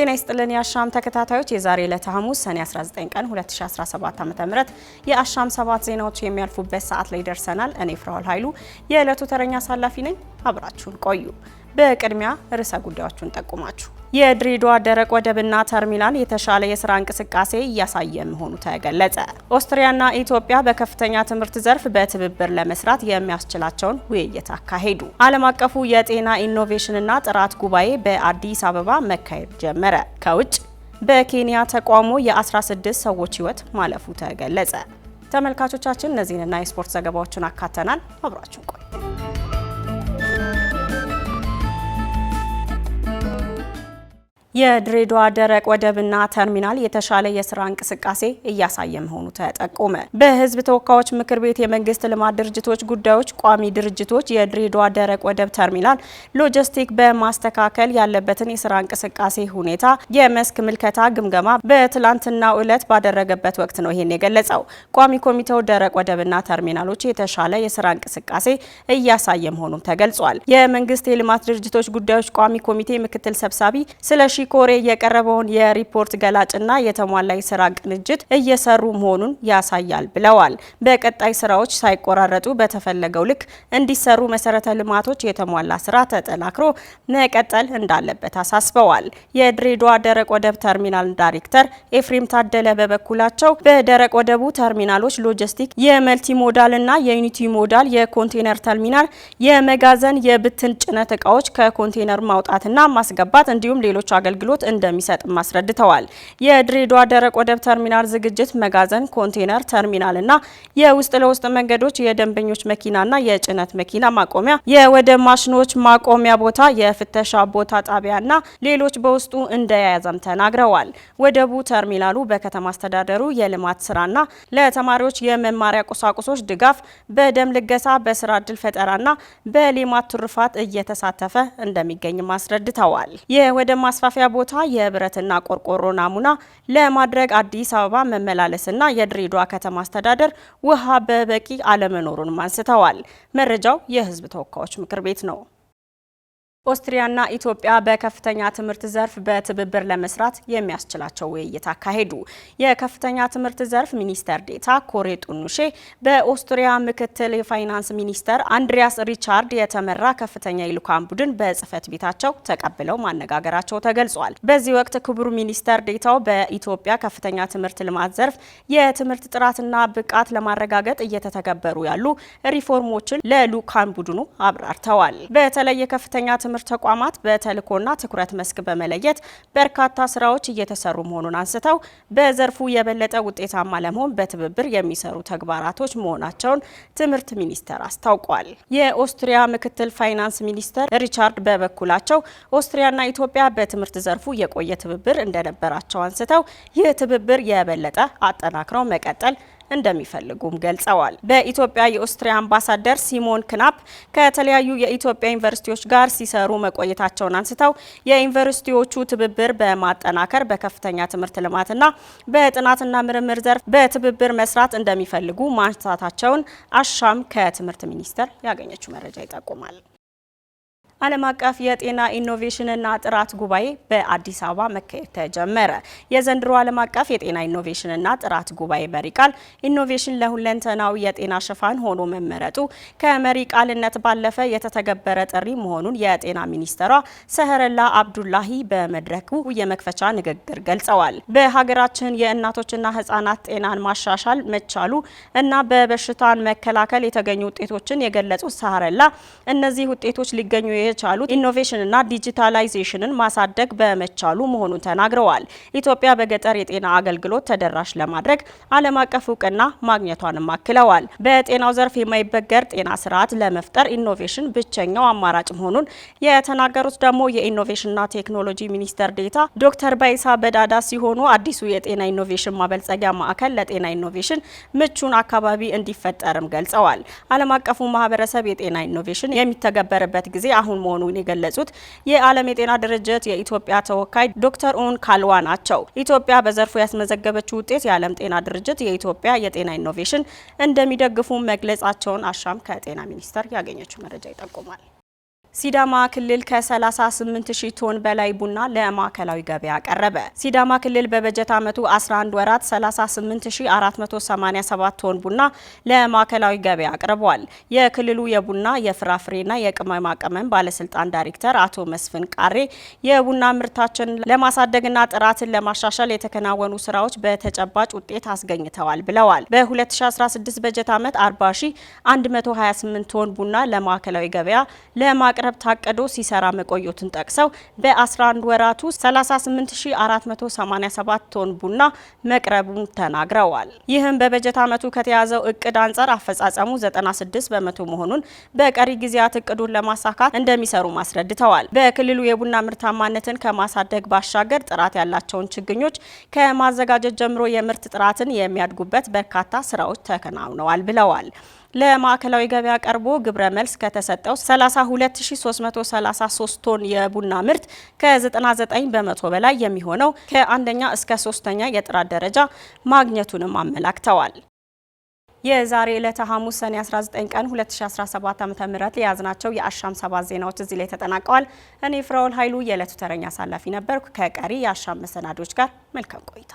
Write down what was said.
ጤና ይስጥልን የአሻም ተከታታዮች፣ የዛሬ ዕለት ሐሙስ ሰኔ 19 ቀን 2017 ዓ.ም የአሻም ሰባት ዜናዎች የሚያልፉበት ሰዓት ላይ ደርሰናል። እኔ ፍራውል ኃይሉ የዕለቱ ተረኛ አሳላፊ ነኝ። አብራችሁን ቆዩ። በቅድሚያ ርዕሰ ጉዳዮቹን ጠቁማችሁ የድሬዳዋ ደረቅ ወደብና ተርሚናል የተሻለ የስራ እንቅስቃሴ እያሳየ መሆኑ ተገለጸ። ኦስትሪያና ኢትዮጵያ በከፍተኛ ትምህርት ዘርፍ በትብብር ለመስራት የሚያስችላቸውን ውይይት አካሄዱ። ዓለም አቀፉ የጤና ኢኖቬሽንና ጥራት ጉባኤ በአዲስ አበባ መካሄድ ጀመረ። ከውጭ በኬንያ ተቋሙ የ16 ሰዎች ህይወት ማለፉ ተገለጸ። ተመልካቾቻችን እነዚህንና የስፖርት ዘገባዎችን አካተናል። አብራችሁን ቆዩ። የድሬዳዋ ደረቅ ወደብና ተርሚናል የተሻለ የስራ እንቅስቃሴ እያሳየ መሆኑ ተጠቆመ። በህዝብ ተወካዮች ምክር ቤት የመንግስት ልማት ድርጅቶች ጉዳዮች ቋሚ ድርጅቶች የድሬዳዋ ደረቅ ወደብ ተርሚናል ሎጂስቲክ በማስተካከል ያለበትን የስራ እንቅስቃሴ ሁኔታ የመስክ ምልከታ ግምገማ በትላንትናው ዕለት ባደረገበት ወቅት ነው ይህን የገለጸው። ቋሚ ኮሚቴው ደረቅ ወደብና ተርሚናሎች የተሻለ የስራ እንቅስቃሴ እያሳየ መሆኑም ተገልጿል። የመንግስት የልማት ድርጅቶች ጉዳዮች ቋሚ ኮሚቴ ምክትል ሰብሳቢ ስለ ኮሬ የቀረበውን የሪፖርት ገላጭና የተሟላ የስራ ቅንጅት እየሰሩ መሆኑን ያሳያል ብለዋል። በቀጣይ ስራዎች ሳይቆራረጡ በተፈለገው ልክ እንዲሰሩ መሰረተ ልማቶች የተሟላ ስራ ተጠናክሮ መቀጠል እንዳለበት አሳስበዋል። የድሬዳዋ ደረቅ ወደብ ተርሚናል ዳይሬክተር ኤፍሬም ታደለ በበኩላቸው በደረቅ ወደቡ ተርሚናሎች ሎጂስቲክ፣ የመልቲ የመልቲሞዳልና የዩኒቲ ሞዳል የኮንቴነር ተርሚናል፣ የመጋዘን የብትን ጭነት እቃዎች ከኮንቴነር ማውጣትና ማስገባት እንዲሁም ሌሎች አገልግሎት እንደሚሰጥም አስረድተዋል። የድሬዳዋ ደረቅ ወደብ ተርሚናል ዝግጅት መጋዘን፣ ኮንቴነር እና የውስጥ ለውስጥ መንገዶች፣ የደንበኞች መኪናና የጭነት መኪና ማቆሚያ፣ የወደብ ማሽኖች ማቆሚያ ቦታ፣ የፍተሻ ቦታ ጣቢያና ሌሎች በውስጡ እንደያያዘም ተናግረዋል። ወደቡ ተርሚናሉ በከተማ አስተዳደሩ የልማት ስራና ለተማሪዎች የመማሪያ ቁሳቁሶች ድጋፍ፣ በደም ልገሳ፣ በስራ እድል ፈጠራና በሌማት ትሩፋት እየተሳተፈ እንደሚገኝም አስረድተዋል። የወደብ ማስፋፊያ ማረፊያ ቦታ የብረትና ቆርቆሮ ናሙና ለማድረግ አዲስ አበባ መመላለስና የድሬዳዋ ከተማ አስተዳደር ውሃ በበቂ አለመኖሩንም አንስተዋል። መረጃው የህዝብ ተወካዮች ምክር ቤት ነው። ኦስትሪያና ኢትዮጵያ በከፍተኛ ትምህርት ዘርፍ በትብብር ለመስራት የሚያስችላቸው ውይይት አካሄዱ። የከፍተኛ ትምህርት ዘርፍ ሚኒስተር ዴታ ኮሬ ጡኑሼ በኦስትሪያ ምክትል የፋይናንስ ሚኒስተር አንድሪያስ ሪቻርድ የተመራ ከፍተኛ የልዑካን ቡድን በጽህፈት ቤታቸው ተቀብለው ማነጋገራቸው ተገልጿል። በዚህ ወቅት ክቡር ሚኒስተር ዴታው በኢትዮጵያ ከፍተኛ ትምህርት ልማት ዘርፍ የትምህርት ጥራትና ብቃት ለማረጋገጥ እየተተገበሩ ያሉ ሪፎርሞችን ለሉካን ቡድኑ አብራርተዋል። በተለይ የከፍተኛ ትምህርት የትምህርት ተቋማት በተልዕኮና ትኩረት መስክ በመለየት በርካታ ስራዎች እየተሰሩ መሆኑን አንስተው በዘርፉ የበለጠ ውጤታማ ለመሆን በትብብር የሚሰሩ ተግባራቶች መሆናቸውን ትምህርት ሚኒስቴር አስታውቋል። የኦስትሪያ ምክትል ፋይናንስ ሚኒስተር ሪቻርድ በበኩላቸው ኦስትሪያና ኢትዮጵያ በትምህርት ዘርፉ የቆየ ትብብር እንደነበራቸው አንስተው ይህ ትብብር የበለጠ አጠናክረው መቀጠል እንደሚፈልጉም ገልጸዋል። በኢትዮጵያ የኦስትሪያ አምባሳደር ሲሞን ክናፕ ከተለያዩ የኢትዮጵያ ዩኒቨርሲቲዎች ጋር ሲሰሩ መቆየታቸውን አንስተው የዩኒቨርሲቲዎቹ ትብብር በማጠናከር በከፍተኛ ትምህርት ልማትና በጥናትና ምርምር ዘርፍ በትብብር መስራት እንደሚፈልጉ ማንሳታቸውን አሻም ከትምህርት ሚኒስቴር ያገኘችው መረጃ ይጠቁማል። ዓለም አቀፍ የጤና ኢኖቬሽንና ጥራት ጉባኤ በአዲስ አበባ መካሄድ ተጀመረ። የዘንድሮ ዓለም አቀፍ የጤና ኢኖቬሽንና ጥራት ጉባኤ መሪ ቃል ኢኖቬሽን ለሁለንተናዊ የጤና ሽፋን ሆኖ መመረጡ ከመሪ ቃልነት ባለፈ የተተገበረ ጥሪ መሆኑን የጤና ሚኒስትሯ ሰህረላ አብዱላሂ በመድረኩ የመክፈቻ ንግግር ገልጸዋል። በሀገራችን የእናቶችና ህጻናት ጤናን ማሻሻል መቻሉ እና በበሽታን መከላከል የተገኙ ውጤቶችን የገለጹት ሰህረላ እነዚህ ውጤቶች ሊገኙ የቻሉት ኢኖቬሽንና ዲጂታላይዜሽንን ማሳደግ በመቻሉ መሆኑን ተናግረዋል። ኢትዮጵያ በገጠር የጤና አገልግሎት ተደራሽ ለማድረግ ዓለም አቀፍ እውቅና ማግኘቷንም አክለዋል። በጤናው ዘርፍ የማይበገር ጤና ስርዓት ለመፍጠር ኢኖቬሽን ብቸኛው አማራጭ መሆኑን የተናገሩት ደግሞ የኢኖቬሽንና ቴክኖሎጂ ሚኒስተር ዴታ ዶክተር ባይሳ በዳዳ ሲሆኑ አዲሱ የጤና ኢኖቬሽን ማበልጸጊያ ማዕከል ለጤና ኢኖቬሽን ምቹን አካባቢ እንዲፈጠርም ገልጸዋል። ዓለም አቀፉ ማህበረሰብ የጤና ኢኖቬሽን የሚተገበርበት ጊዜ አሁን አሁን መሆኑን የገለጹት የዓለም የጤና ድርጅት የኢትዮጵያ ተወካይ ዶክተር ኡን ካልዋ ናቸው። ኢትዮጵያ በዘርፉ ያስመዘገበችው ውጤት የዓለም ጤና ድርጅት የኢትዮጵያ የጤና ኢኖቬሽን እንደሚደግፉ መግለጻቸውን አሻም ከጤና ሚኒስቴር ያገኘችው መረጃ ይጠቁማል። ሲዳማ ክልል ከ38 ሺህ ቶን በላይ ቡና ለማዕከላዊ ገበያ ቀረበ። ሲዳማ ክልል በበጀት ዓመቱ 11 ወራት 38487 ቶን ቡና ለማዕከላዊ ገበያ አቅርቧል። የክልሉ የቡና የፍራፍሬና የቅመማ ቅመም ባለስልጣን ዳይሬክተር አቶ መስፍን ቃሬ የቡና ምርታችን ለማሳደግና ጥራትን ለማሻሻል የተከናወኑ ስራዎች በተጨባጭ ውጤት አስገኝተዋል ብለዋል። በ2016 በጀት ዓመት 40128 ቶን ቡና ለማዕከላዊ ገበያ ለማቅረብ ለማቅረብ ታቅዶ ሲሰራ መቆየቱን ጠቅሰው በ11 ወራቱ 38487 ቶን ቡና መቅረቡን ተናግረዋል። ይህም በበጀት ዓመቱ ከተያዘው እቅድ አንጻር አፈጻጸሙ 96 በመቶ መሆኑን፣ በቀሪ ጊዜያት እቅዱን ለማሳካት እንደሚሰሩ አስረድተዋል። በክልሉ የቡና ምርታማነትን ከማሳደግ ባሻገር ጥራት ያላቸውን ችግኞች ከማዘጋጀት ጀምሮ የምርት ጥራትን የሚያድጉበት በርካታ ስራዎች ተከናውነዋል ብለዋል። ለማዕከላዊ ገበያ ቀርቦ ግብረ መልስ ከተሰጠው 32333 ቶን የቡና ምርት ከ99 በመቶ በላይ የሚሆነው ከአንደኛ እስከ ሶስተኛ የጥራት ደረጃ ማግኘቱንም አመላክተዋል። የዛሬ ዕለተ ሐሙስ ሰኔ 19 ቀን 2017 ዓ.ም የያዝናቸው የአሻም ሰባት ዜናዎች እዚህ ላይ ተጠናቀዋል። እኔ ፍራውል ኃይሉ የዕለቱ ተረኛ አሳላፊ ነበርኩ። ከቀሪ የአሻም መሰናዶች ጋር መልካም ቆይታ